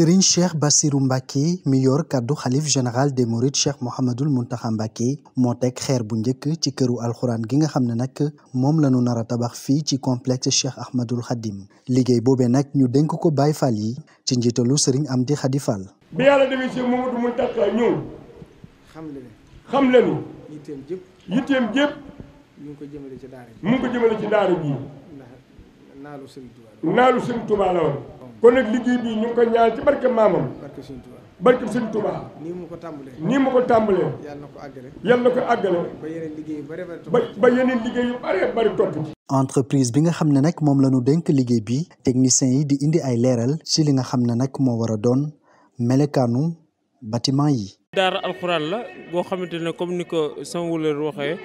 Serigne Cheikh Bassirou Mbacké mi yor kaddu xalif général des mourides Cheikh Mouhamadul Mountakha Mbacké moo teg xeer bu njëkk ci këru alxuraan gi nga xam ne nag moom la nara tabax fii ci complexe Cheikh Ahmadul Khadim liggéey boobee nag ñu dénk ko Baye fal yi ci njiitalu Serigne Amdi Khady Fall. bi yàlla demee si Mouhamadou Mountakha ñëw. xam leen xam leen. yitteem jëpp yitteem jëpp. kon nag liggéey bii ñu ngi ko ñaan ci barke ko tàmbalee. nii ko tàmbalee. yàlla na ko ko àggale. ba yeneen ba yeneen liggéey yu bëree bëri topp entreprise bi nga xam ne nag moom la ñu dénk liggéey bi techniciens yi di indi ay leeral ci li nga xam ne nag moo war a doon melekaanu bâtiment yi. daara alxuraan la boo xamante ne comme ni ko sama wulër waxee.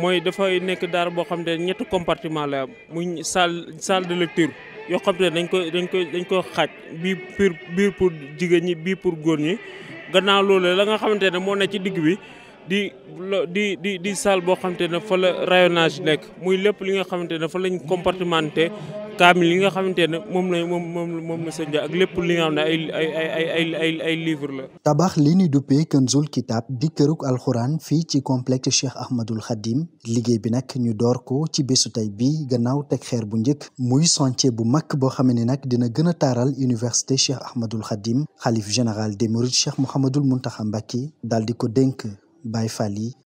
mooy dafay nekk daara boo xam ne ñetti compartiment la mu muy salle salle de lecture yoo xam te ne dañ koy dañ koy dañ koy xaaj bii pour biir pour jigéen ñi bii pour góor ñi gannaaw loolu la nga xamante ne moo ne ci digg bi di di di di salle boo xamante ne fa la rayonnage nekk muy lépp li nga xamante ne fa lañ compartimenté kaamil yi nga xamante ne moom la moom moom moom la sëñ li nuy xam ne ay ay ay duppee Kanzul Kitab di këruk alxuraan fii ci complexe Cheikh Ahmadul Khadim liggéey bi nag ñu door ko ci bésu tey bi gannaaw teg xeer bu njëkk muy chantier bu mag boo xam ne nag dina gën a taaral université Cheikh Ahmadul Khadim xalif général des Mourides Cheikh Mouhamadul Mountakha Mbacké daal di ko dénk Baye Fall yi